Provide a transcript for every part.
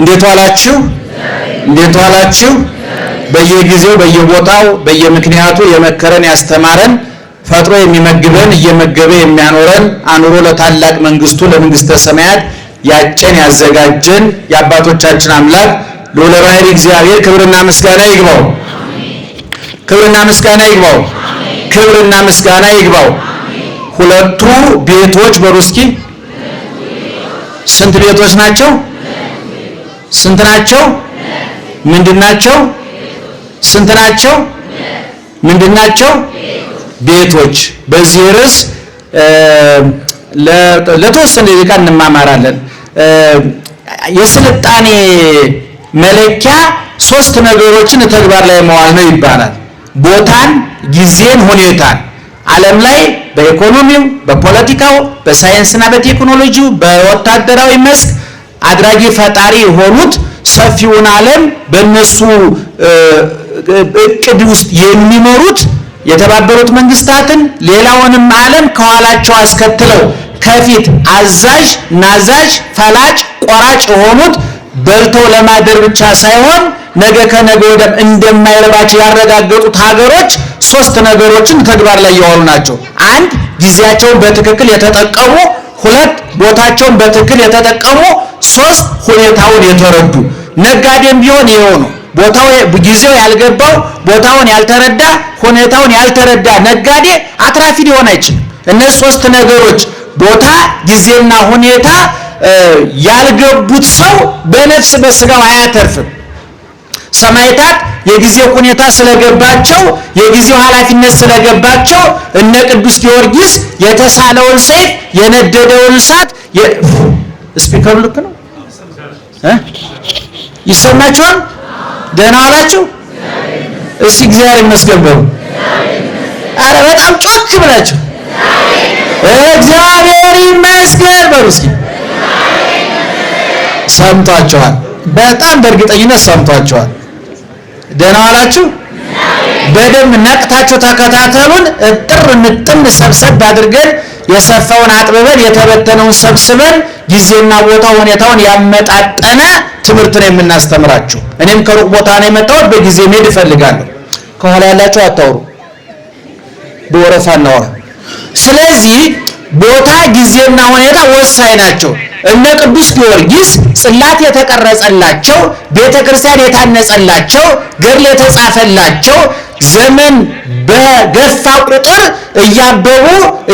እንዴት ዋላችሁ? እንዴት ዋላችሁ? በየጊዜው በየቦታው በየምክንያቱ የመከረን ያስተማረን ፈጥሮ የሚመግበን እየመገበ የሚያኖረን አኑሮ ለታላቅ መንግስቱ ለመንግስተ ሰማያት ያጨን ያዘጋጀን የአባቶቻችን አምላክ ልዑለ እግዚአብሔር ክብርና ምስጋና ይግባው። ክብርና ምስጋና ይግባው። ክብርና ምስጋና ይግባው። ሁለቱ ቤቶች በሩስኪ ስንት ቤቶች ናቸው? ስንት ናቸው? ምንድናቸው? ስንት ናቸው? ምንድናቸው? ቤቶች። በዚህ ርዕስ ለተወሰነ ደቂቃ እንማማራለን። የስልጣኔ መለኪያ ሶስት ነገሮችን ተግባር ላይ መዋል ነው ይባላል። ቦታን፣ ጊዜን፣ ሁኔታን ዓለም ላይ በኢኮኖሚው፣ በፖለቲካው፣ በሳይንስና በቴክኖሎጂው፣ በወታደራዊ መስክ አድራጊ ፈጣሪ የሆኑት ሰፊውን ዓለም በእነሱ እቅድ ውስጥ የሚመሩት የተባበሩት መንግስታትን ሌላውንም ዓለም ከኋላቸው አስከትለው ከፊት አዛዥ ናዛዥ ፈላጭ ቆራጭ የሆኑት በልተው ለማደር ብቻ ሳይሆን ነገ ከነገ ወዲያም እንደማይረባቸው ያረጋገጡት ሀገሮች ሶስት ነገሮችን ተግባር ላይ የዋሉ ናቸው። አንድ ጊዜያቸውን በትክክል የተጠቀሙ ሁለት ቦታቸውን በትክክል የተጠቀሙ፣ ሶስት ሁኔታውን የተረዱ። ነጋዴም ቢሆን ይኸው ነው። ቦታው ጊዜው ያልገባው ቦታውን ያልተረዳ ሁኔታውን ያልተረዳ ነጋዴ አትራፊ ሊሆን አይችልም። እነዚህ ሶስት ነገሮች ቦታ፣ ጊዜና ሁኔታ ያልገቡት ሰው በነፍስ በስጋው አያተርፍም። ሰማይታት የጊዜው ሁኔታ ስለገባቸው የጊዜው ኃላፊነት ስለገባቸው እነ ቅዱስ ጊዮርጊስ የተሳለውን ሰይፍ የነደደውን እሳት ስፒከሩ ልክ ነው ይሰማችኋል? ደህና ዋላችሁ? እስቲ እግዚአብሔር ይመስገን በሉ። አረ በጣም ጮክ ብላችሁ እግዚአብሔር ይመስገን በሉ እስኪ። ሰምቷችኋል? በጣም በእርግጠኝነት ሰምቷቸዋል። ደህና ዋላችሁ። በደም ነቅታችሁ ተከታተሉን። እጥር ምጥን ሰብሰብ አድርገን የሰፋውን አጥብበን የተበተነውን ሰብስበን ጊዜና ቦታ ሁኔታውን ያመጣጠነ ትምህርት ነው የምናስተምራችሁ። እኔም ከሩቅ ቦታ ነው የመጣሁት፣ በጊዜ መሄድ እፈልጋለሁ። ከኋላ ያላችሁ አታውሩ፣ በወረፋ ስለዚህ ቦታ ጊዜና ሁኔታ ወሳኝ ናቸው። እነ ቅዱስ ጊዮርጊስ ጽላት የተቀረጸላቸው ቤተ ክርስቲያን የታነጸላቸው ገድል የተጻፈላቸው ዘመን በገፋ ቁጥር እያበቡ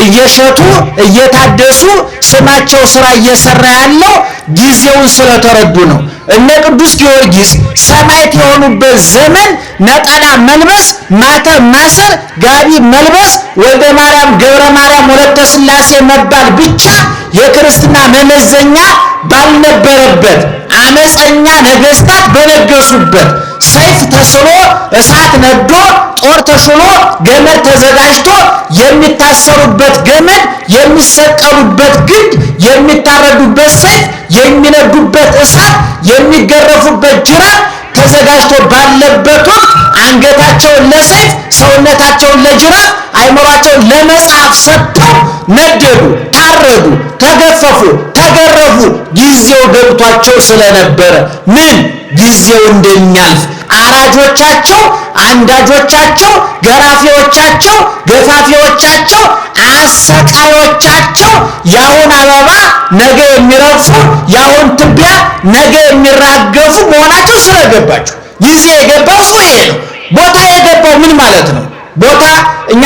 እየሸቱ እየታደሱ ስማቸው ስራ እየሰራ ያለው ጊዜውን ስለተረዱ ነው። እነ ቅዱስ ጊዮርጊስ ሰማዕት የሆኑበት ዘመን ነጠላ መልበስ፣ ማተብ ማሰር፣ ጋቢ መልበስ፣ ወልደ ማርያም ገብረ ማርያም ወለተ ስላሴ መባል ብቻ የክርስትና መመዘኛ ባልነበረበት አመፀኛ ነገስታት በነገሱበት ሰይፍ ተስሎ እሳት ነዶ ጦር ተሽሎ ገመድ ተዘጋጅቶ የሚታሰሩበት ገመድ የሚሰቀሉበት ግንድ የሚታረዱበት ሰይፍ የሚነዱበት እሳት የሚገረፉበት ጅራፍ ተዘጋጅቶ ባለበት ወቅት አንገታቸውን ለሰይፍ ሰውነታቸውን ለጅራፍ አይምሯቸውን ለመጽሐፍ ሰጥተው ነደዱ። ተዋረዱ፣ ተገፈፉ፣ ተገረፉ። ጊዜው ገብቷቸው ስለነበረ ምን ጊዜው እንደሚያልፍ አራጆቻቸው፣ አንዳጆቻቸው፣ ገራፊዎቻቸው፣ ገፋፊዎቻቸው፣ አሰቃዮቻቸው ያሁን አበባ ነገ የሚረግፉ ያሁን ትቢያ ነገ የሚራገፉ መሆናቸው ስለገባቸው ጊዜ የገባው ሰው ይሄ ነው። ቦታ የገባው ምን ማለት ነው? ቦታ እኛ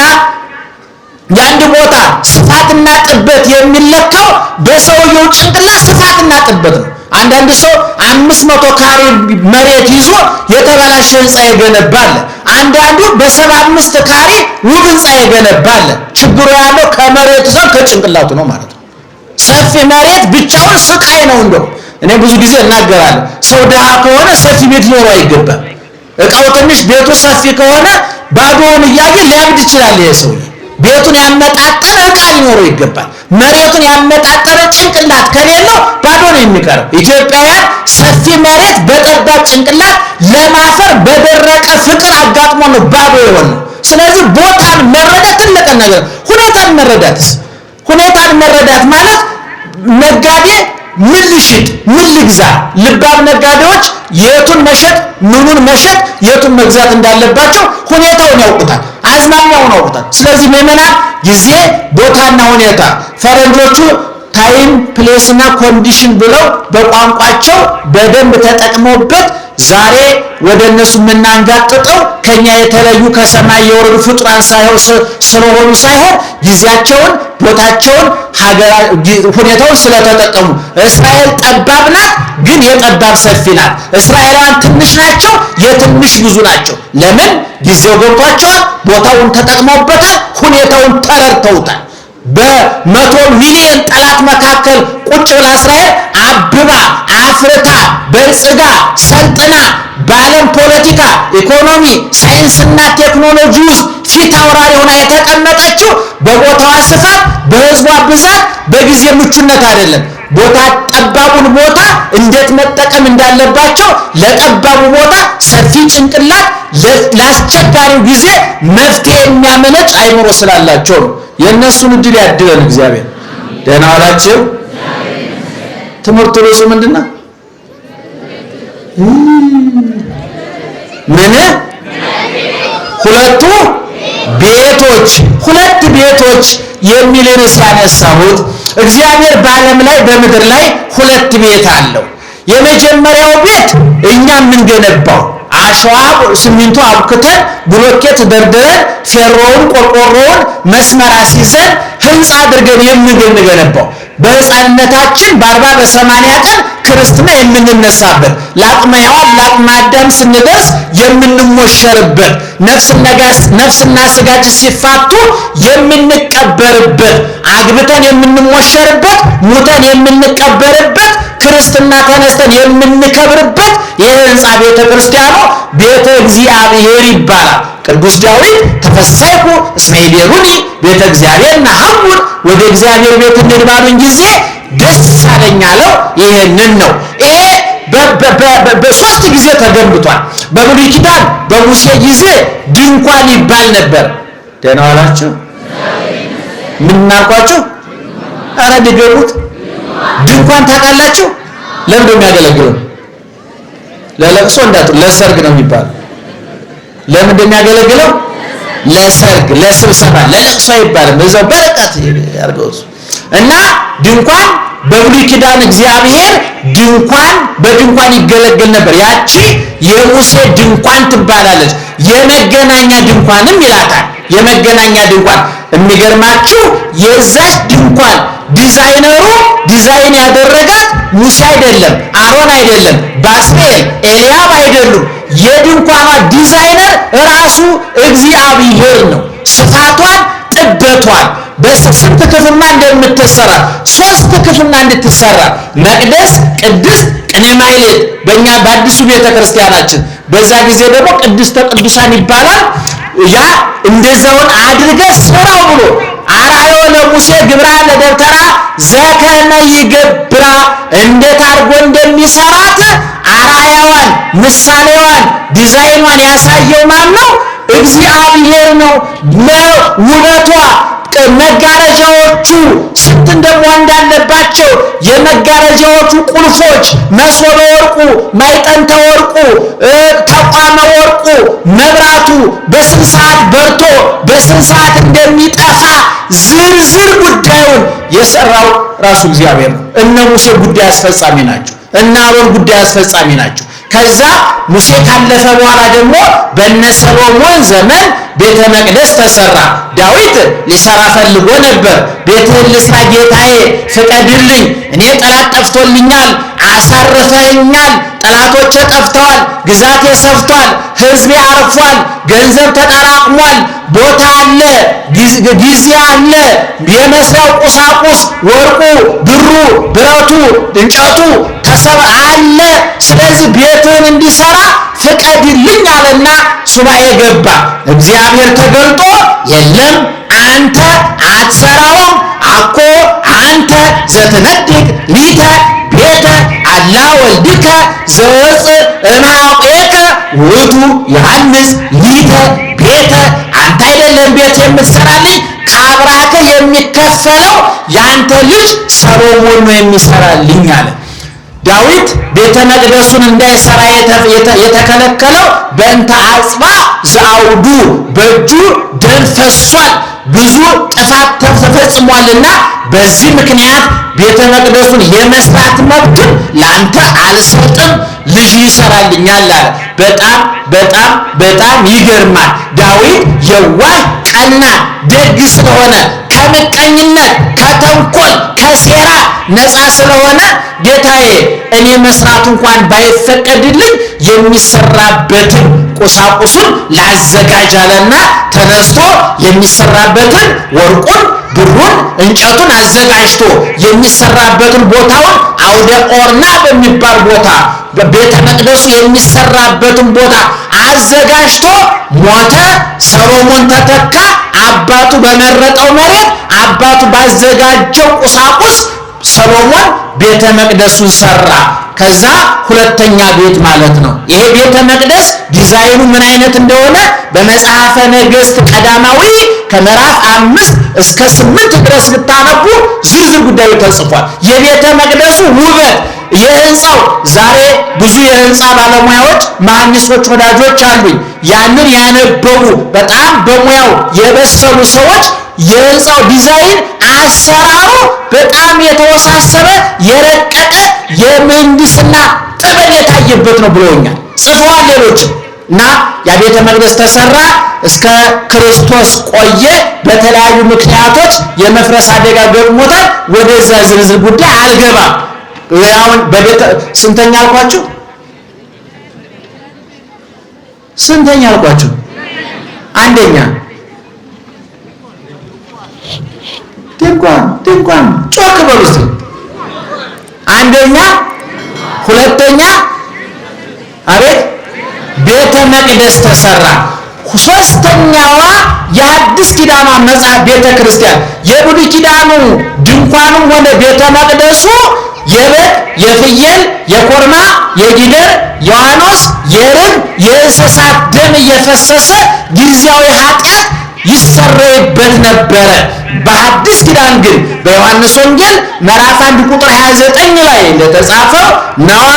የአንድ ቦታ ስፋትና ጥበት የሚለካው በሰውየው ጭንቅላት ስፋትና ጥበት ነው። አንዳንድ ሰው አምስት መቶ ካሬ መሬት ይዞ የተበላሸ ህንፃ የገነባለ፣ አንዳንዱ በሰባ አምስት ካሬ ውብ ህንፃ ይገነባል። ችግሩ ያለው ከመሬቱ ሰው ከጭንቅላቱ ነው ማለት ነው። ሰፊ መሬት ብቻውን ስቃይ ነው። እንደው እኔ ብዙ ጊዜ እናገራለሁ፣ ሰው ድሃ ከሆነ ሰፊ ቤት ሊኖረው አይገባም። እቃው ትንሽ፣ ቤቱ ሰፊ ከሆነ ባዶውን እያየ ሊያብድ ይችላል ይሄ ሰውዬ ቤቱን ያመጣጠረ ዕቃ ሊኖረው ይገባል። መሬቱን ያመጣጠረ ጭንቅላት ከሌለው ባዶ ነው የሚቀረው። ኢትዮጵያውያን ሰፊ መሬት በጠባብ ጭንቅላት ለማፈር በደረቀ ፍቅር አጋጥሞ ነው ባዶ የሆነው። ስለዚህ ቦታን መረዳት ትልቅ ነገር። ሁኔታን መረዳትስ ሁኔታን መረዳት ማለት ነጋዴ ምን ልሽጥ፣ ምን ልግዛ? ልባብ ነጋዴዎች የቱን መሸጥ፣ ምኑን መሸጥ፣ የቱን መግዛት እንዳለባቸው ሁኔታውን ያውቁታል። አለማወቅ ነው። ስለዚህ ምዕመናን ጊዜ ቦታና ሁኔታ ፈረንጆቹ ታይም ፕሌስ እና ኮንዲሽን ብለው በቋንቋቸው በደንብ ተጠቅመውበት ዛሬ ወደ እነሱ የምናንጋጥጠው ከኛ የተለዩ ከሰማይ የወረዱ ፍጡራን ስለሆኑ ሳይሆን ጊዜያቸውን፣ ቦታቸውን፣ ሁኔታውን ስለተጠቀሙ። እስራኤል ጠባብ ናት፣ ግን የጠባብ ሰፊ ናት። እስራኤላውያን ትንሽ ናቸው፣ የትንሽ ብዙ ናቸው። ለምን? ጊዜው ገብቷቸዋል፣ ቦታውን ተጠቅመውበታል፣ ሁኔታውን ተረድተውታል። በመቶ ሚሊዮን ጠላት መካከል ቁጭ ብላ እስራኤል አብባ አፍርታ በልጽጋ ሰልጥና በዓለም ፖለቲካ፣ ኢኮኖሚ፣ ሳይንስና ቴክኖሎጂ ውስጥ ፊት አውራሪ ሆና የተቀመጠችው በቦታዋ ስፋት፣ በህዝቧ ብዛት፣ በጊዜ ምቹነት አይደለም። ቦታ ጠባቡን ቦታ እንዴት መጠቀም እንዳለባቸው ለጠባቡ ቦታ ሰፊ ጭንቅላት ለአስቸጋሪው ጊዜ መፍትሄ የሚያመነጭ አይምሮ ስላላቸው ነው። የእነሱን እድል ያድለን እግዚአብሔር። ደህና ዋላችሁ። ትምህርቱ ርዕሱ ምንድን ነው? ምን ሁለቱ ቤቶች ሁለት ቤቶች የሚል ርዕስ ያነሳሁት እግዚአብሔር በዓለም ላይ በምድር ላይ ሁለት ቤት አለው። የመጀመሪያው ቤት እኛ የምንገነባው አሸዋ ሲሚንቶ አብክተን ብሎኬት ደርድረን ፌሮውን፣ ቆርቆሮውን መስመር አስይዘን ህንፃ አድርገን የምንገነባው በህፃንነታችን በአርባ በሰማንያ ቀን ክርስትና የምንነሳበት ለአቅመ ሔዋን ለአቅመ አዳም ስንደርስ የምንሞሸርበት ነፍስና ስጋች ሲፋቱ የምንቀበርበት አግብተን የምንሞሸርበት ሙተን የምንቀበርበት ክርስትና ተነስተን የምንከብርበት ይህ ህንፃ ቤተ ክርስቲያኑ ቤተ እግዚአብሔር ይባላል። ቅዱስ ዳዊት ተፈሰርኩ እስመ የሩኒ ቤተ እግዚአብሔር ነሐሙር ወደ እግዚአብሔር ቤት እንሂድ ባሉኝ ጊዜ ደስ አለኝ አለው። ይሄንን ነው ይሄ በሶስት ጊዜ ተገንብቷል። በብሉይ ኪዳን በሙሴ ጊዜ ድንኳን ይባል ነበር። ደህና ዋላችሁ። ምናውቋችሁ? አረ ድገሙት። ድንኳን ታውቃላችሁ? ለምን ነው ለለቅሶ እንዳትሉ ለሰርግ ነው የሚባለው። ለምን እንደሚያገለግለው ለሰርግ፣ ለስብሰባ፣ ለለቅሶ አይባልም። እዛው በርቀት ያርገው እና ድንኳን በብሉይ ኪዳን እግዚአብሔር ድንኳን በድንኳን ይገለገል ነበር። ያቺ የሙሴ ድንኳን ትባላለች። የመገናኛ ድንኳንም ይላታል። የመገናኛ ድንኳን የሚገርማችሁ የዛች ድንኳን ዲዛይነሩ ዲዛይን ያደረጋት ሙሴ አይደለም፣ አሮን አይደለም፣ ባስሬል ኤልያብ አይደሉም። የድንኳኗ ዲዛይነር ራሱ እግዚአብሔር ነው። ስፋቷን፣ ጥበቷን በስንት ክፍልና እንደምትሰራ ሶስት ክፍልና እንድትሰራ መቅደስ፣ ቅድስት፣ ቅኔ በእኛ በአዲሱ ቤተክርስቲያናችን በዛ ጊዜ ደግሞ ቅድስተ ቅዱሳን ይባላል። ያ እንደዛውን አድርገ ስራው ብሎ ቃሎ ለሙሴ ግብራ ለደብተራ ዘከመ ይገብራ እንዴት አድርጎ እንደሚሰራት አራያዋን ምሳሌዋን ዲዛይኗን ያሳየው ማን ነው? እግዚአብሔር ነው። ለውበቷ መጋረጃዎቹ ስንት እንደሞ እንዳለባቸው የመጋረጃዎቹ ቁልፎች መሶበ ወርቁ፣ ማይጠን ተወርቁ ተቋመ ወርቁ፣ መብራቱ በስንት ሰዓት በርቶ በስንት ሰዓት እንደሚጠፋ ዝርዝር ጉዳዩን የሰራው ራሱ እግዚአብሔር ነው። እነ ሙሴ ጉዳይ አስፈጻሚ ናቸው። እነ አሮን ጉዳይ አስፈጻሚ ናቸው። ከዛ ሙሴ ካለፈ በኋላ ደግሞ በነ ሰሎሞን ዘመን ቤተ መቅደስ ተሰራ። ዳዊት ሊሰራ ፈልጎ ነበር። ቤትህን ልስራ ጌታዬ፣ ፍቀድልኝ፣ እኔ ጠላት ጠፍቶልኛል አሳርፈኛል። ጠላቶቼ ጠፍተዋል፣ ግዛት የሰፍቷል ህዝብ አርፏል፣ ገንዘብ ተጠራቅሟል፣ ቦታ አለ፣ ጊዜ አለ፣ የመስሪያው ቁሳቁስ ወርቁ፣ ብሩ፣ ብረቱ፣ እንጨቱ ተሰብ አለ። ስለዚህ ቤትን እንዲሰራ ፍቀድልኝ አለና ሱባኤ ገባ። እግዚአብሔር ተገልጦ የለም አንተ አትሰራውም አኮ አንተ ዘትነድቅ ሊተ አስተርእየተ አላ ወልድከ ዘወፅ እማውቄከ ውእቱ ዮሐንስ ሊተ ቤተ አንተ አይደለም ቤት የምትሰራልኝ ከአብራከ የሚከፈለው የአንተ ልጅ ሰሎሞን ነው የሚሰራልኝ አለ ዳዊት ቤተ መቅደሱን እንዳይሰራ የተከለከለው በእንተ አጽባ ዘአውዱ በእጁ ደም ፈሷል፣ ብዙ ጥፋት ተፈጽሟልና በዚህ ምክንያት ቤተ መቅደሱን የመስራት መብት ለአንተ አልሰጥም፣ ልጅ ይሰራልኛል አለ። በጣም በጣም በጣም ይገርማል። ዳዊት የዋህ ቀና፣ ደግ ስለሆነ ከምቀኝነት ከተንኮል ከሴራ ነፃ ስለሆነ ጌታዬ እኔ መስራት እንኳን ባይፈቀድልኝ የሚሰራበትን ቁሳቁሱን ላዘጋጅ አለና ተነስቶ የሚሰራበትን ወርቁን፣ ብሩን፣ እንጨቱን አዘጋጅቶ የሚሰራበትን ቦታውን አውደ ኦርና በሚባል ቦታ ቤተ መቅደሱ የሚሰራበትን ቦታ አዘጋጅቶ ሞተ። ሰሎሞን ተተካ። አባቱ በመረጠው መሬት አባቱ ባዘጋጀው ቁሳቁስ ሰሎሞን ቤተ መቅደሱን ሰራ። ከዛ ሁለተኛ ቤት ማለት ነው። ይሄ ቤተ መቅደስ ዲዛይኑ ምን አይነት እንደሆነ በመጽሐፈ ነገሥት ቀዳማዊ ከምዕራፍ አምስት እስከ ስምንት ድረስ ብታነቡ ዝርዝር ጉዳዩ ተጽፏል። የቤተ መቅደሱ ውበት የህንፃው ዛሬ ብዙ የህንፃ ባለሙያዎች መሐንዲሶች ወዳጆች አሉኝ። ያንን ያነበቡ በጣም በሙያው የበሰሉ ሰዎች የህንፃው ዲዛይን አሰራሩ በጣም የተወሳሰበ የረቀቀ የምህንድስና ጥበብ የታየበት ነው ብሎኛል። ጽፏል ሌሎችም እና ያ ቤተ መቅደስ ተሰራ እስከ ክርስቶስ ቆየ። በተለያዩ ምክንያቶች የመፍረስ አደጋ ገጥሞታል። ወደዛ ዝርዝር ጉዳይ አልገባም። አሁን በቤተ ስንተኛ አልኳችሁ? ስንተኛ አልኳችሁ? አንደኛ በሉ እስኪ አንደኛ፣ ሁለተኛ አቤት ቤተ መቅደስ ተሰራ። ሶስተኛዋ የአዲስ ኪዳኗ መጽሐፍ ቤተ ክርስቲያን የብሉይ ኪዳኑ ድንኳኑም ሆነ ቤተ መቅደሱ የበግ የፍየል የኮርማ የጊደር የዋኖስ የርብ የእንስሳት ደም እየፈሰሰ ጊዜያዊ ኃጢአት ይሰረይበት ነበረ። በአዲስ ኪዳን ግን በዮሐንስ ወንጌል ምዕራፍ 1 ቁጥር 29 ላይ እንደተጻፈው ነዋ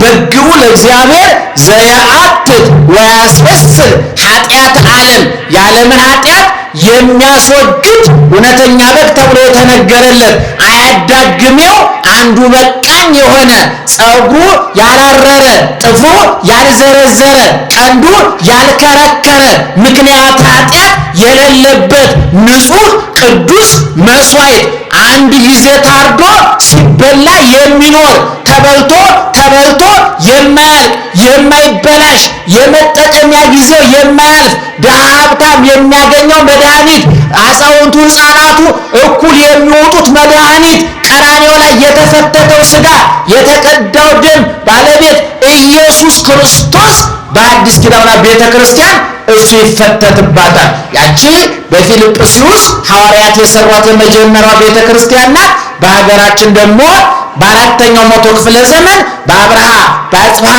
በግቡ ለእግዚአብሔር ዘያአትት ወያስወስል ኃጢአት ዓለም የዓለምን ኃጢአት የሚያስወግድ እውነተኛ በግ ተብሎ የተነገረለት አያዳግሜው አንዱ በግ ወሳኝ የሆነ ጸጉሩ ያላረረ ጥፍሩ ያልዘረዘረ ቀንዱ ያልከረከረ ምክንያት ኃጢአት የሌለበት ንጹህ ቅዱስ መስዋዕት አንድ ጊዜ ታርዶ ሲበላ የሚኖር ተበልቶ ተበልቶ የማያልቅ የማይበላሽ የመጠቀሚያ ጊዜው የማያልፍ ድሃ ሀብታም የሚያገኘው መድኃኒት፣ አዛውንቱ ህፃናቱ እኩል የሚወጡት መድኃኒት በቀራኔው ላይ የተፈተተው ስጋ የተቀዳው ደም ባለቤት ኢየሱስ ክርስቶስ በአዲስ ኪዳኗ ቤተ ክርስቲያን እሱ ይፈተትባታል። ያቺ በፊልጵስዩስ ሐዋርያት የሰሯት የመጀመሪያው ቤተ ክርስቲያን ናት። በሀገራችን ደግሞ በአራተኛው መቶ ክፍለ ዘመን በአብርሃ በአጽብሃ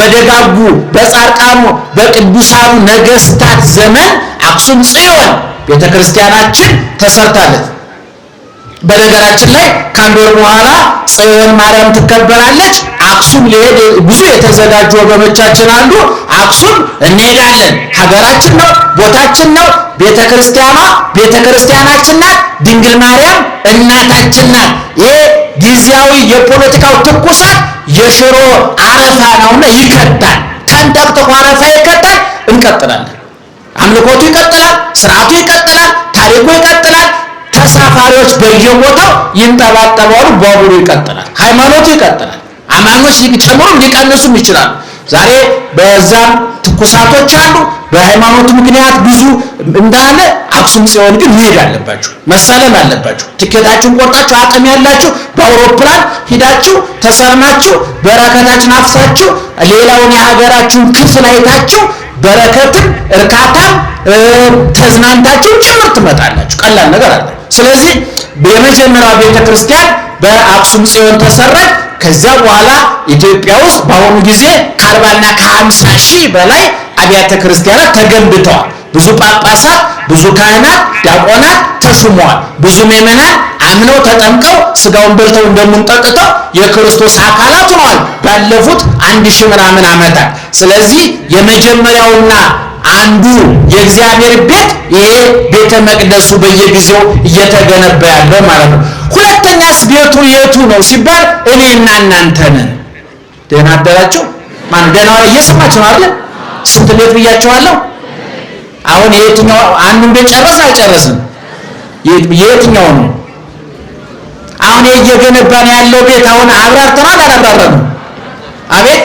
በደጋጉ በጻርቃኑ በቅዱሳኑ ነገስታት ዘመን አክሱም ጽዮን ቤተ ክርስቲያናችን ተሰርታለች። በነገራችን ላይ ከአንድ ወር በኋላ ጽዮን ማርያም ትከበራለች። አክሱም ሊሄድ ብዙ የተዘጋጁ ወገኖቻችን አሉ። አክሱም እንሄዳለን። ሀገራችን ነው፣ ቦታችን ነው። ቤተክርስቲያኗ ቤተክርስቲያናችን ናት። ድንግል ማርያም እናታችን ናት። ይሄ ጊዜያዊ የፖለቲካው ትኩሳት የሽሮ አረፋ ነውና ይከዳል። ተንጠቅጥቆ አረፋ ይከታል እንቀጥላለን። አምልኮቱ ይቀጥላል፣ ስርዓቱ ይቀጥላል፣ ታሪኩ ይቀጥላል። ተሳፋሪዎች በየቦታው ይንጠባጠባሉ። ባቡሩ ይቀጥላል፣ ሃይማኖቱ ይቀጥላል። አማኞች ሊጨምሩም ሊቀንሱም ይችላሉ። ዛሬ በዛም ትኩሳቶች አሉ። በሃይማኖት ምክንያት ብዙ እንዳለ አክሱም ጽዮን ግን መሄድ አለባችሁ፣ መሳለም አለባችሁ። ትኬታችሁን ቆርጣችሁ አቅም ያላችሁ በአውሮፕላን ሂዳችሁ ተሰልማችሁ በረከታችን አፍሳችሁ ሌላውን የሀገራችሁን ክፍል አይታችሁ በረከትን እርካታን ተዝናንታችሁ ጭምር ትመጣላችሁ። ቀላል ነገር አለ። ስለዚህ የመጀመሪያ ቤተ ክርስቲያን በአክሱም ጽዮን ተሰራች። ከዚያ በኋላ ኢትዮጵያ ውስጥ በአሁኑ ጊዜ ከአርባና 50 ሺህ በላይ አብያተ ክርስቲያናት ተገንብተዋል። ብዙ ጳጳሳት፣ ብዙ ካህናት፣ ዲያቆናት ተሹመዋል። ብዙ ምእመናን አምነው ተጠምቀው ስጋውን በልተው እንደምንጠቅተው የክርስቶስ አካላት ሆነዋል ባለፉት አንድ ሺህ ምናምን ዓመታት። ስለዚህ የመጀመሪያውና አንዱ የእግዚአብሔር ቤት ይሄ ቤተ መቅደሱ በየጊዜው እየተገነባ ያለ ማለት ነው። ሁለተኛስ ቤቱ የቱ ነው ሲባል እኔና እናንተ ነን። ደህና አደራችሁ። ማን ደህና እየሰማችሁ አይደል? ስንት ቤት ብያችኋለሁ? አሁን የትኛው አንዱን ቤት ጨረስ አልጨረስም? የትኛው ነው አሁን እየገነባን ያለው ቤት? አሁን አብራርተናል አላብራረንም? አቤት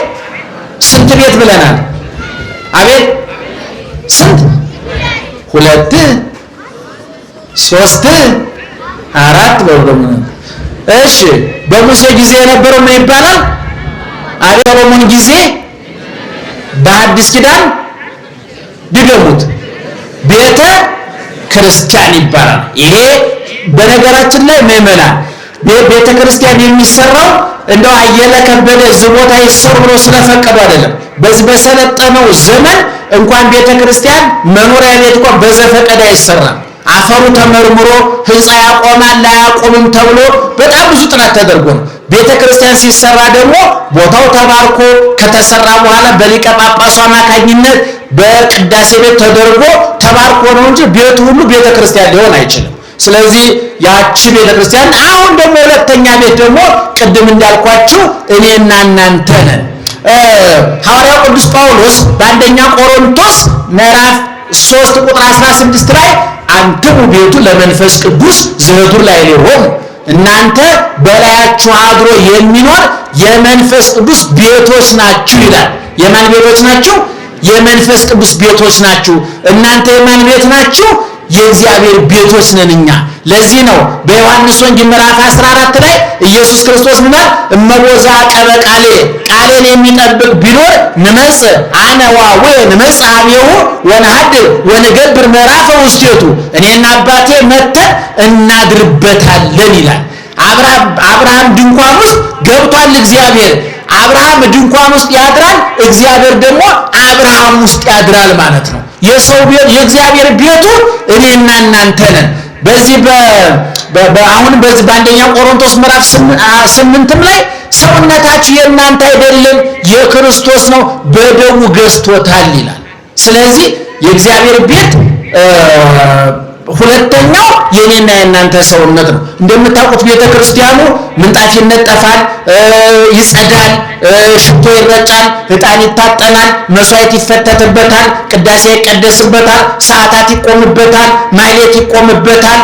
ስንት ቤት ብለናል? አቤት ስንት? ሁለት ሶስት አራት በሉ እሺ። በሙሴ ጊዜ የነበረው ምን ይባላል? ጊዜ በአዲስ ኪዳን ድገሙት፣ ቤተ ክርስቲያን ይባላል። ይሄ በነገራችን ላይ ምዕመናን ቤተ ክርስቲያን የሚሰራው እንደው አየለ ከበደ እዚህ ቦታ ይሰሩ ብሎ ስለፈቀዱ አይደለም። በዚህ በሰለጠነው ዘመን እንኳን ቤተ ክርስቲያን መኖሪያ ቤት እንኳን በዘፈቀደ አይሰራም። አፈሩ ተመርምሮ ህንፃ ያቆማል ያቆምም ተብሎ በጣም ብዙ ጥናት ተደርጎ ነው። ቤተ ክርስቲያን ሲሰራ ደግሞ ቦታው ተባርኮ ከተሰራ በኋላ በሊቀ ጳጳሱ አማካኝነት በቅዳሴ ቤት ተደርጎ ተባርኮ ነው እንጂ ቤቱ ሁሉ ቤተ ክርስቲያን ሊሆን አይችልም። ስለዚህ ያቺ ቤተክርስቲያን አሁን ደግሞ ሁለተኛ ቤት ደግሞ ቅድም እንዳልኳችሁ እኔና እናንተ ነን። ሐዋርያው ቅዱስ ጳውሎስ በአንደኛ ቆሮንቶስ ምዕራፍ 3 ቁጥር 16 ላይ አንትሙ ቤቱ ለመንፈስ ቅዱስ ዘቱ ላይ ሊሆን እናንተ በላያችሁ አድሮ የሚኖር የመንፈስ ቅዱስ ቤቶች ናችሁ ይላል። የማን ቤቶች ናችሁ? የመንፈስ ቅዱስ ቤቶች ናችሁ። እናንተ የማን ቤት ናችሁ? የእግዚአብሔር ቤቶች ነን እኛ። ለዚህ ነው በዮሐንስ ወንጌል ምዕራፍ 14 ላይ ኢየሱስ ክርስቶስ ምን አለ? እመቦዛ ቀበ ቃሌ ቃሌን የሚጠብቅ ቢኖር ንመጽ አነ ወይ ንመጽ አብየው ወንአድር ወንገብር ምዕራፈ ውስቴቱ እኔና አባቴ መተን እናድርበታለን ይላል። አብርሃም ድንኳን ውስጥ ገብቷል እግዚአብሔር። አብርሃም ድንኳን ውስጥ ያድራል፣ እግዚአብሔር ደግሞ አብርሃም ውስጥ ያድራል ማለት ነው። የሰው ቤት የእግዚአብሔር ቤቱ እኔና እናንተ ነን። በዚህ አሁን በዚህ በአንደኛ ቆሮንቶስ ምዕራፍ ስምንትም ላይ ሰውነታችሁ የእናንተ አይደለም የክርስቶስ ነው፣ በደሙ ገዝቶታል ይላል። ስለዚህ የእግዚአብሔር ቤት ሁለተኛው የኔና የእናንተ ሰውነት ነው። እንደምታውቁት ቤተክርስቲያኑ ምንጣፍ ይነጠፋል፣ ይጸዳል፣ ሽቶ ይረጫል፣ ዕጣን ይታጠናል፣ መስዋዕት ይፈተትበታል፣ ቅዳሴ ይቀደስበታል፣ ሰዓታት ይቆምበታል፣ ማህሌት ይቆምበታል።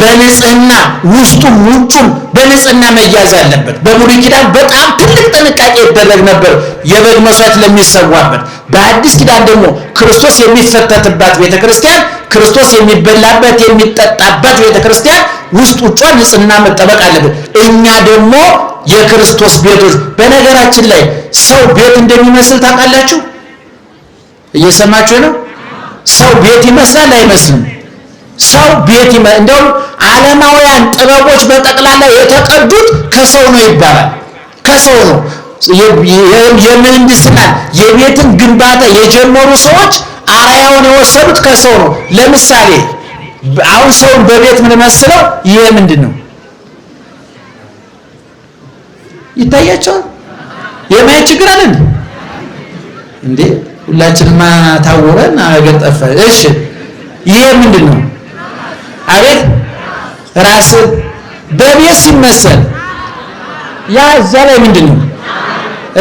በንጽህና ውስጡም ውጩም በንጽህና መያዝ አለበት። በብሉይ ኪዳን በጣም ትልቅ ጥንቃቄ ይደረግ ነበር የበግ መስዋዕት ለሚሰዋበት። በአዲስ ኪዳን ደግሞ ክርስቶስ የሚፈተትባት ቤተክርስቲያን፣ ክርስቶስ የሚበላበት የሚጠጣበት ቤተክርስቲያን ውስጥ ውጯ ንጽህና መጠበቅ አለበት። እኛ ደግሞ የክርስቶስ ቤቶች። በነገራችን ላይ ሰው ቤት እንደሚመስል ታውቃላችሁ። እየሰማችሁ ነው። ሰው ቤት ይመስላል አይመስልም? ሰው ቤት ይመ እንደውም ዓለማውያን ጥበቦች በጠቅላላ የተቀዱት ከሰው ነው ይባላል። ከሰው ነው የምህንድስና የቤትን ግንባታ የጀመሩ ሰዎች አራያውን የወሰዱት ከሰው ነው። ለምሳሌ አሁን ሰውን በቤት ምን መስለው ይሄ ምንድን ነው ይታያቸዋል። የማየት ችግር አለ እንዴ? ሁላችንማ ታወረን አገር ጠፋ። እሺ ይሄ ምንድን ነው? አቤት ራስ በቤት ሲመሰል ያ እዛ ላይ ምንድን ነው?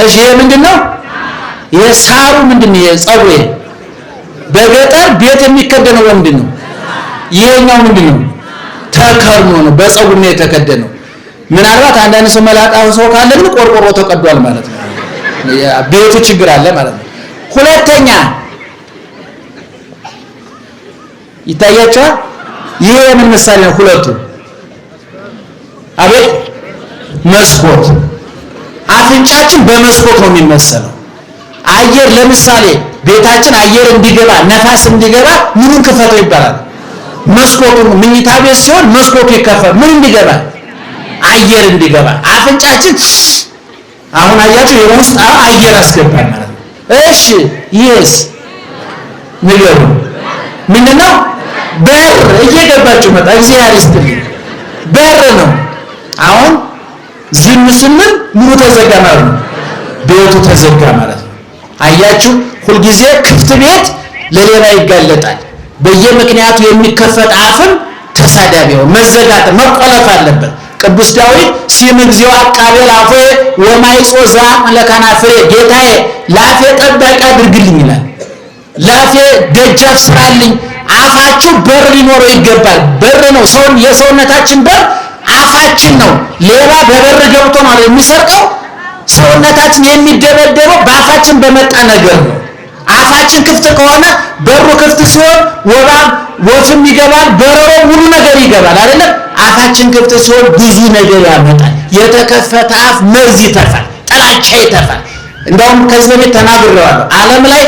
እሺ ይሄ ምንድን ነው? የሳሩ ምንድን ነው? በገጠር ቤት የሚከደነው ምንድን ነው? ይሄኛው ምንድን ነው? ተከርኖ ነው፣ በጸጉር ነው የተከደነው። ምናልባት አንዳንድ ሰው መላጣ ሰው ካለ ግን ቆርቆሮ ተቀዷል ማለት ነው። ቤቱ ችግር አለ ማለት ነው። ሁለተኛ ይታያቸዋል። ይሄ ምን ምሳሌ ነው? ሁለቱ አቤት መስኮት አፍንጫችን በመስኮት ነው የሚመሰለው። አየር ለምሳሌ ቤታችን አየር እንዲገባ ነፋስ እንዲገባ ምኑን ክፈተው ይባላል? መስኮቱ። ምኝታ ቤት ሲሆን መስኮቱ ይከፈል ምን እንዲገባ? አየር እንዲገባ። አፍንጫችን አሁን አያችሁ የውስጥ አየር አስገባል ማለት ነው። እሺ ይህስ ንገሩ ምንድነው? በር እየገባችሁ መጣ። እግዚአብሔር ይስጥል። በር ነው። አሁን ዝም ስንል ምኑ ተዘጋ ማለት ነው? ቤቱ ተዘጋ ማለት ነው። አያችሁ፣ ሁልጊዜ ክፍት ቤት ለሌላ ይጋለጣል። በየምክንያቱ የሚከፈት አፍም ተሳዳቢ ነው። መዘጋት መቆለፍ አለበት። ቅዱስ ዳዊት ሲም እግዚኦ አቃቤል አፌ ወማይጾ ዘአቅን ለከናፍሬ፣ ጌታዬ ለአፌ ጠበቃ አድርግልኝ ይላል። ላፌ ደጃፍ ስራልኝ አፋችሁ በር ሊኖረው ይገባል። በር ነው ሰውን የሰውነታችን በር አፋችን ነው። ሌባ በበር ገብቶ ነው የሚሰርቀው። ሰውነታችን የሚደበደበው በአፋችን በመጣ ነገር ነው። አፋችን ክፍት ከሆነ በሩ ክፍት ሲሆን ወባ ወፍም ይገባል፣ በረሮ ሙሉ ነገር ይገባል አይደለም። አፋችን ክፍት ሲሆን ብዙ ነገር ያመጣል። የተከፈተ አፍ መርዝ ይተፋል፣ ጥላቻ ይተፋል። እንደውም ከዚህ በፊት ተናግሬዋለሁ። ዓለም ላይ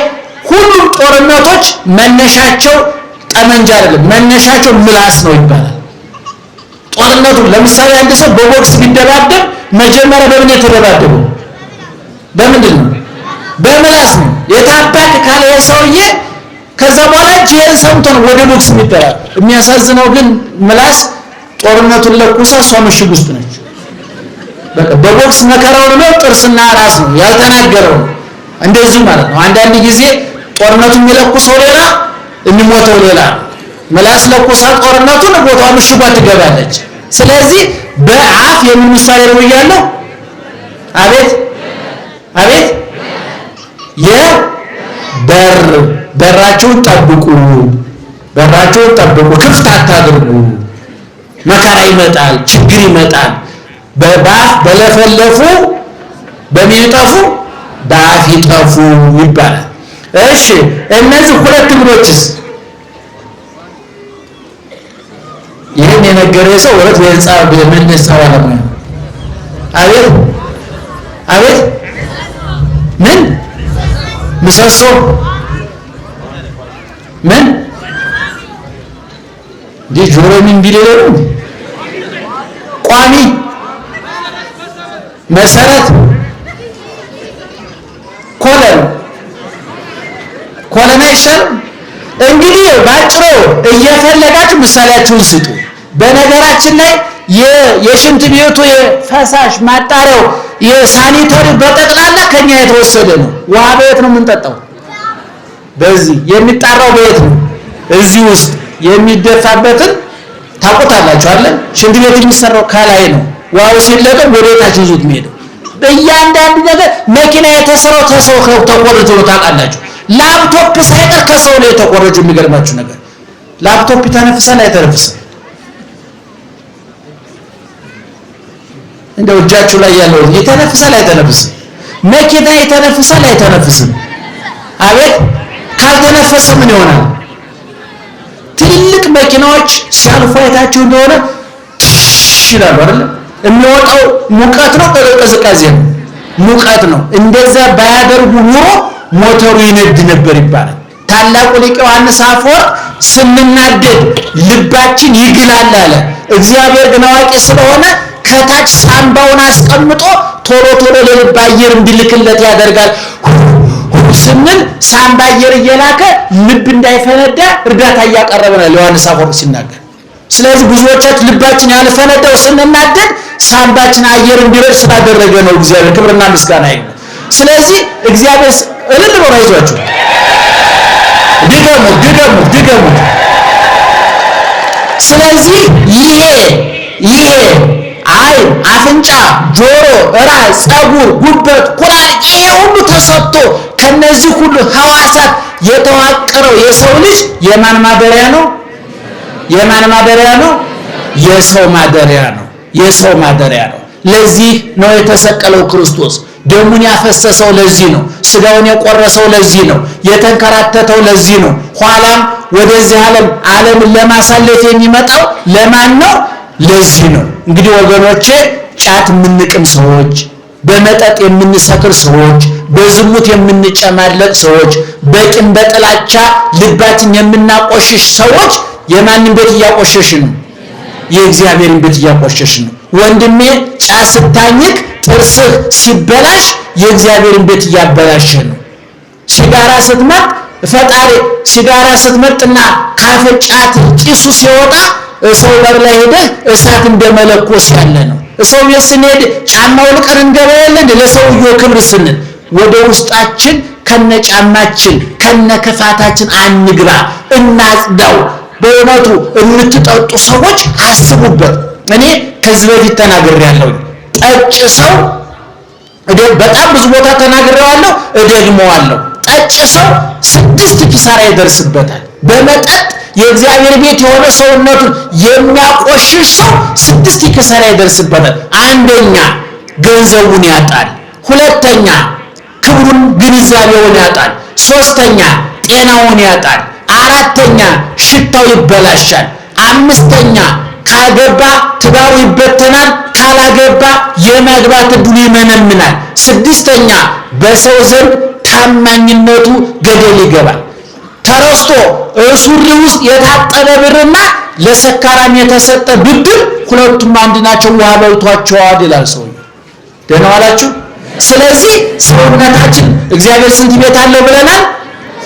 ሁሉም ጦርነቶች መነሻቸው ጠመንጃ አይደለም፣ መነሻቸው ምላስ ነው ይባላል። ጦርነቱ ለምሳሌ አንድ ሰው በቦክስ ቢደባደብ መጀመሪያ በምን የተደባደበው? በምንድን ነው? በምላስ ነው። የታባክ ካለ ሰውዬ ከዛ በኋላ ሰምቶ ሰምቶን ወደ ቦክስ የሚደራል። የሚያሳዝነው ግን ምላስ ጦርነቱን ለኩሳ እሷ ምሽግ ውስጥ ነች። በቃ በቦክስ መከራውን ነው ጥርስና ራስ ነው ያልተናገረው። እንደዚህ ማለት ነው። አንዳንድ ጊዜ ጦርነቱን የሚለኩሰው ሌላ የሚሞተው ሌላ ምላስ ለኩሳ ጦርነቱን ቦቷ ምሽጓ ትገባለች። ስለዚህ በአፍ የምን ምሳሌ ነው አቤት አቤት የበር በራችሁን ጠብቁ፣ በራችሁን ጠብቁ፣ ክፍት አታድርጉ። መከራ ይመጣል፣ ችግር ይመጣል። በአፍ በለፈለፉ በሚጠፉ በአፍ ይጠፉ ይባላል። እሺ እነዚህ ሁለት እግሮችስ ይህን የነገረ ሰው ወለት የህንፃ ምህንድስና ባለሙያ አቤት አቤት ምን ምሰሶ ምን እንዲህ ጆሮ ምን ቢለለው ቋሚ መሰረት ከሆነን አይሻልም? እንግዲህ ባጭሩ እየፈለጋችሁ ምሳሌያችሁን ስጡ። በነገራችን ላይ የሽንት ቤቱ የፈሳሽ ማጣሪያው የሳኒተሪ በጠቅላላ ከኛ የተወሰደ ነው። ውሃ በየት ነው የምንጠጣው? በዚህ የሚጣራው በየት ነው? እዚህ ውስጥ የሚደፋበትን ታቆታላችሁ አለ። ሽንት ቤት የሚሰራው ከላይ ነው። ውሃው ሲለቀቅ ወደ ታች ይዞት የሚሄደው በእያንዳንዱ ነገር መኪና የተሰራው ተሰው ተቆርጦ ነው ታውቃላችሁ። ላፕቶፕ ሳይቀር ከሰው ላይ የተቆረጁ። የሚገርማችሁ ነገር ላፕቶፕ ይተነፍሳል አይተነፍስም? እንደው እጃችሁ ላይ ያለው ይተነፍሳል አይተነፍስም? መኪና ይተነፍሳል አይተነፍስም? አቤት ካልተነፈሰ ምን ይሆናል? ትልልቅ መኪናዎች ሲያልፉ አይታችሁ እንደሆነ ይላሉ አይደል? የሚወጣው ሙቀት ነው፣ ቅዝቃዜ ነው፣ ሙቀት ነው። እንደዛ ባያደርጉ ኑሮ ሞተሩ ይነድ ነበር ይባላል። ታላቁ ሊቅ ዮሐንስ አፈወርቅ ስንናደድ ልባችን ይግላል አለ። እግዚአብሔር ግን አዋቂ ስለሆነ ከታች ሳምባውን አስቀምጦ ቶሎ ቶሎ ለልብ አየር እንዲልክለት ያደርጋል። ስንል ሳምባ አየር እየላከ ልብ እንዳይፈነዳ እርዳታ እያቀረበ ነው ዮሐንስ አፈወርቅ ሲናገር። ስለዚህ ብዙዎቻችን ልባችን ያልፈነዳው ስንናደድ ሳምባችን አየር እንዲረድ ስላደረገ ነው። እግዚአብሔር ክብርና ምስጋና ይሁን። ስለዚህ እግዚአብሔር እልል ነው አይዟችሁ፣ ድገሙት፣ ድገሙት፣ ድገሙት። ስለዚህ ይሄ ይሄ አይን፣ አፍንጫ፣ ጆሮ፣ ራስ፣ ፀጉር፣ ጉበት፣ ኩላሊት ይሄ ሁሉ ተሰጥቶ ከነዚህ ሁሉ ህዋሳት የተዋቀረው የሰው ልጅ የማን ማደሪያ ነው? የማን ማደሪያ ነው? የሰው ማደሪያ ነው። የሰው ማደሪያ ነው። ለዚህ ነው የተሰቀለው ክርስቶስ። ደሙን ያፈሰሰው ለዚህ ነው። ስጋውን የቆረሰው ለዚህ ነው። የተንከራተተው ለዚህ ነው። ኋላም ወደዚህ ዓለም ዓለምን ለማሳለፍ የሚመጣው ለማን ነው? ለዚህ ነው። እንግዲህ ወገኖቼ ጫት የምንቅም ሰዎች፣ በመጠጥ የምንሰክር ሰዎች፣ በዝሙት የምንጨማለቅ ሰዎች፣ በቂም በጥላቻ ልባችን የምናቆሽሽ ሰዎች የማንን ቤት እያቆሸሽ ነው? የእግዚአብሔርን ቤት እያቆሸሽ ነው። ወንድሜ ጫት ስታኝክ ጥርስህ ሲበላሽ የእግዚአብሔርን ቤት እያበላሸ ነው። ሲጋራ ስትመጥ ፈጣሪ ሲጋራ ስትመጥና ካፈጫት ጭሱ ሲወጣ ሰው በር ላይ ሄደህ እሳት እንደመለኮስ ያለ ነው። ሰው ቤት ስንሄድ ጫማ አውልቀን እንገባለን ለሰውየው ክብር ስንል ወደ ውስጣችን ከነ ጫማችን ከነ ክፋታችን አንግባ፣ እናጽዳው። በእውነቱ የምትጠጡ ሰዎች አስቡበት። እኔ ከዚህ በፊት ተናግሬያለሁ። ጠጭ ሰው በጣም ብዙ ቦታ ተናግሬዋለሁ፣ እደግመዋለሁ። ጠጭ ሰው ስድስት ኪሳራ ይደርስበታል። በመጠጥ የእግዚአብሔር ቤት የሆነ ሰውነቱን የሚያቆሽሽ ሰው ስድስት ኪሳራ ይደርስበታል። አንደኛ ገንዘቡን ያጣል፣ ሁለተኛ ክብሩን ግንዛቤውን ያጣል፣ ሶስተኛ ጤናውን ያጣል፣ አራተኛ ሽታው ይበላሻል፣ አምስተኛ ካገባ ትዳሩ ይበተናል። ካላገባ የማግባት እድሉ ይመነምናል። ስድስተኛ በሰው ዘንድ ታማኝነቱ ገደል ይገባል። ተረስቶ እሱሪ ውስጥ የታጠበ ብርና ለሰካራም የተሰጠ ብድር ሁለቱም አንድ ናቸው፣ ውሃ በልቷቸዋል ይላል ሰውዬው። ደህና ዋላችሁ። ስለዚህ ሰውነታችን እግዚአብሔር ስንት ቤት አለው ብለናል?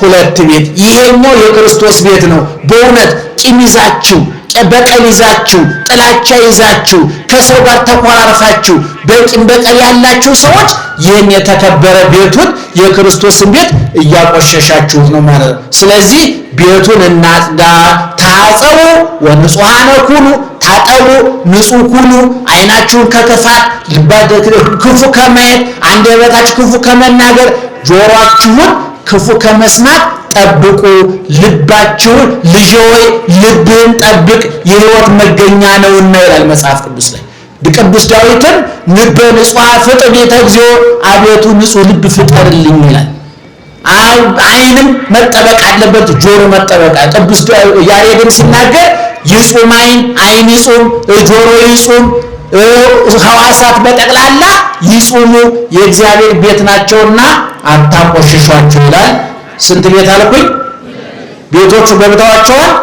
ሁለት ቤት። ይሄኛው የክርስቶስ ቤት ነው። በእውነት ቂም ይዛችሁ በቀል ይዛችሁ ጥላቻ ይዛችሁ ከሰው ጋር ተቆራርፋችሁ በቂም በቀል ያላችሁ ሰዎች ይህን የተከበረ ቤቱን የክርስቶስን ቤት እያቆሸሻችሁት ነው ማለት ነው። ስለዚህ ቤቱን እናጽዳ። ታጸቡ ወንጹሐነ ኩኑ፣ ታጠቡ ንጹህ ኩኑ። አይናችሁን ከክፋት ክፉ ከማየት አንደበታችሁ ክፉ ከመናገር ጆሮአችሁን ክፉ ከመስማት ጠብቁ ልባችሁን። ልጄ ሆይ ጠብቅ የህይወት መገኛ ነውና ይላል መጽሐፍ ቅዱስ ላይ። ቅዱስ ዳዊትም ልበ ንጹሐ ፍጥ ቤተ እግዚኦ፣ አቤቱ ንጹሕ ልብ ፍጠርልኝ ይላል። አይንም መጠበቅ አለበት፣ ጆሮ መጠበቅ ቅዱስ ያሬድም ሲናገር ይጹም አይን ዓይን ይጹም፣ ጆሮ ይጹም፣ ሀዋሳት በጠቅላላ ይጹሙ፣ የእግዚአብሔር ቤት ናቸውና አታቆሽሿቸው ይላል። ስንት ቤት አልኩኝ? ቤቶቹ ገብተዋቸዋል።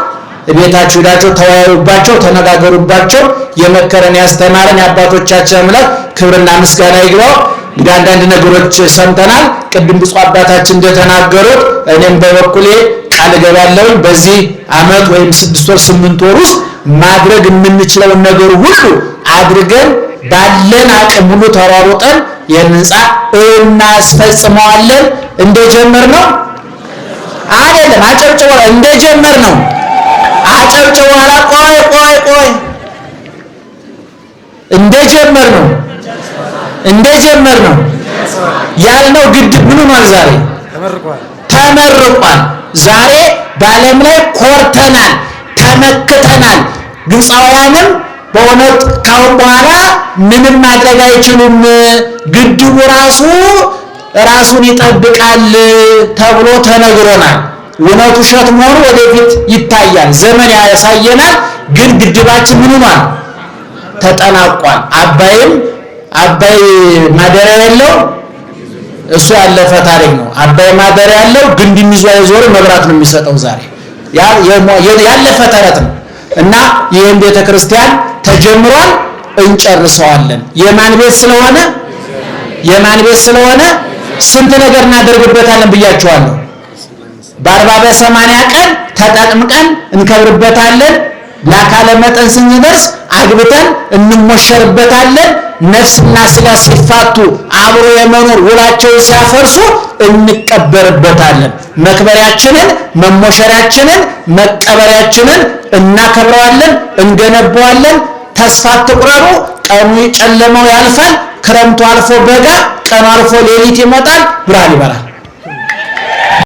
ቤታችሁ ሄዳችሁ ተወያዩባቸው፣ ተነጋገሩባቸው። የመከረን ያስተማረን የአባቶቻችን አምላክ ክብርና ምስጋና ይግባው። እንግዲህ አንዳንድ ነገሮች ሰምተናል። ቅድም ብፁዕ አባታችን እንደተናገሩት እኔም በበኩሌ ቃል እገባለሁ በዚህ ዓመት ወይም ስድስት ወር ስምንት ወር ውስጥ ማድረግ የምንችለውን ነገር ሁሉ አድርገን ባለን አቅም ሁሉ ተሯሩጠን ይህን ሕንፃ እናስፈጽመዋለን እንደጀመርነው አይደለም። አጨብጭቦ እንደጀመር ነው። አጨብጭቦ ኋላ ቆይ ቆይ ቆይ እንደጀመር ነው እንደጀመር ነው ያልነው ግድብ ምን ሆኗል? ዛሬ ተመርቋል። ዛሬ በዓለም ላይ ኮርተናል፣ ተመክተናል። ግብፃውያንም በእውነት ካሁን በኋላ ምንም ማድረግ አይችሉም። ግድቡ ራሱ ራሱን ይጠብቃል ተብሎ ተነግሮናል። እውነቱ ውሸት መሆኑ ወደፊት ይታያል፣ ዘመን ያሳየናል። ግን ግድባችን ምን ሆኗል? ተጠናቋል። አባይም አባይ ማደሪያ ያለው እሱ ያለፈ ታሪክ ነው። አባይ ማደሪያ ያለው ግንድም ይዞ አይዞር መብራት ነው የሚሰጠው ዛሬ ያለፈ ተረት ነው እና ይህም ቤተ ክርስቲያን ተጀምሯል፣ እንጨርሰዋለን። የማን ቤት ስለሆነ የማን ቤት ስለሆነ ስንት ነገር እናደርግበታለን ብያችኋለሁ። በአርባ በሰማንያ ቀን ተጠቅምቀን እንከብርበታለን። ለአካለ መጠን ስንደርስ አግብተን እንሞሸርበታለን። ነፍስና ስጋ ሲፋቱ አብሮ የመኖር ውላቸውን ሲያፈርሱ እንቀበርበታለን። መክበሪያችንን፣ መሞሸሪያችንን፣ መቀበሪያችንን እናከብረዋለን፣ እንገነበዋለን ተስፋ አትቁረጡ። ቀኑ ጨለመው ያልፋል። ክረምቱ አልፎ በጋ सनार फोलेरी ची मतात बुरा आली बरा